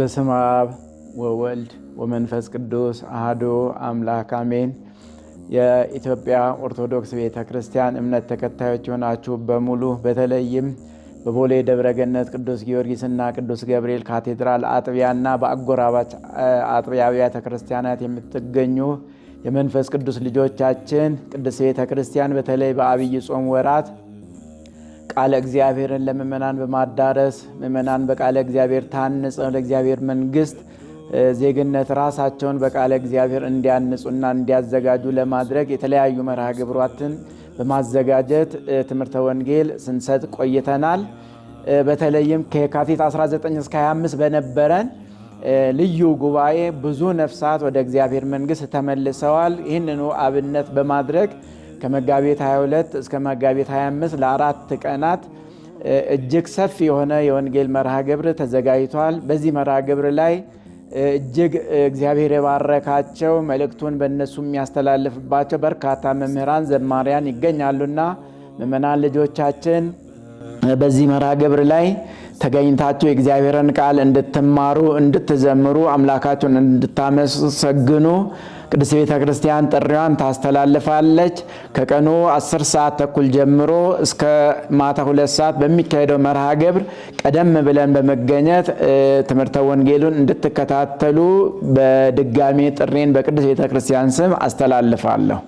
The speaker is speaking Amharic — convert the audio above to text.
በስመ አብ ወወልድ ወመንፈስ ቅዱስ አህዶ አምላክ አሜን። የኢትዮጵያ ኦርቶዶክስ ቤተ ክርስቲያን እምነት ተከታዮች የሆናችሁ በሙሉ በተለይም በቦሌ ደብረገነት ቅዱስ ጊዮርጊስና ቅዱስ ገብርኤል ካቴድራል አጥቢያና በአጎራባች አጥቢያ አብያተ ክርስቲያናት የምትገኙ የመንፈስ ቅዱስ ልጆቻችን ቅዱስ ቤተ ክርስቲያን በተለይ በአብይ ጾም ወራት ቃለ እግዚአብሔርን ለምእመናን በማዳረስ ምእመናን በቃለ እግዚአብሔር ታንጸው ለእግዚአብሔር መንግስት ዜግነት ራሳቸውን በቃለ እግዚአብሔር እንዲያንጹና እንዲያዘጋጁ ለማድረግ የተለያዩ መርሃ ግብሯትን በማዘጋጀት ትምህርተ ወንጌል ስንሰጥ ቆይተናል። በተለይም ከየካቲት 19 እስከ 25 በነበረን ልዩ ጉባኤ ብዙ ነፍሳት ወደ እግዚአብሔር መንግስት ተመልሰዋል። ይህንኑ አብነት በማድረግ ከመጋቢት 22 እስከ መጋቢት 25 ለአራት ቀናት እጅግ ሰፊ የሆነ የወንጌል መርሃ ግብር ተዘጋጅቷል። በዚህ መርሃ ግብር ላይ እጅግ እግዚአብሔር የባረካቸው መልእክቱን በእነሱ የሚያስተላልፍባቸው በርካታ መምህራን፣ ዘማሪያን ይገኛሉና ምእመናን ልጆቻችን በዚህ መርሃ ግብር ላይ ተገኝታችሁ የእግዚአብሔርን ቃል እንድትማሩ፣ እንድትዘምሩ፣ አምላካችሁን እንድታመሰግኑ ቅዱስ ቤተ ክርስቲያን ጥሪዋን ታስተላልፋለች። ከቀኑ 10 ሰዓት ተኩል ጀምሮ እስከ ማታ ሁለት ሰዓት በሚካሄደው መርሃ ግብር ቀደም ብለን በመገኘት ትምህርተ ወንጌሉን እንድትከታተሉ በድጋሜ ጥሪን በቅዱስ ቤተ ክርስቲያን ስም አስተላልፋለሁ።